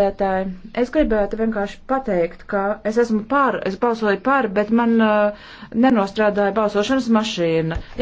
Vētāji, es gribētu vienkārši pateikt, ka es esmu pār, es balsoju pār, bet man uh, nenostrādāja balsošanas mašīna.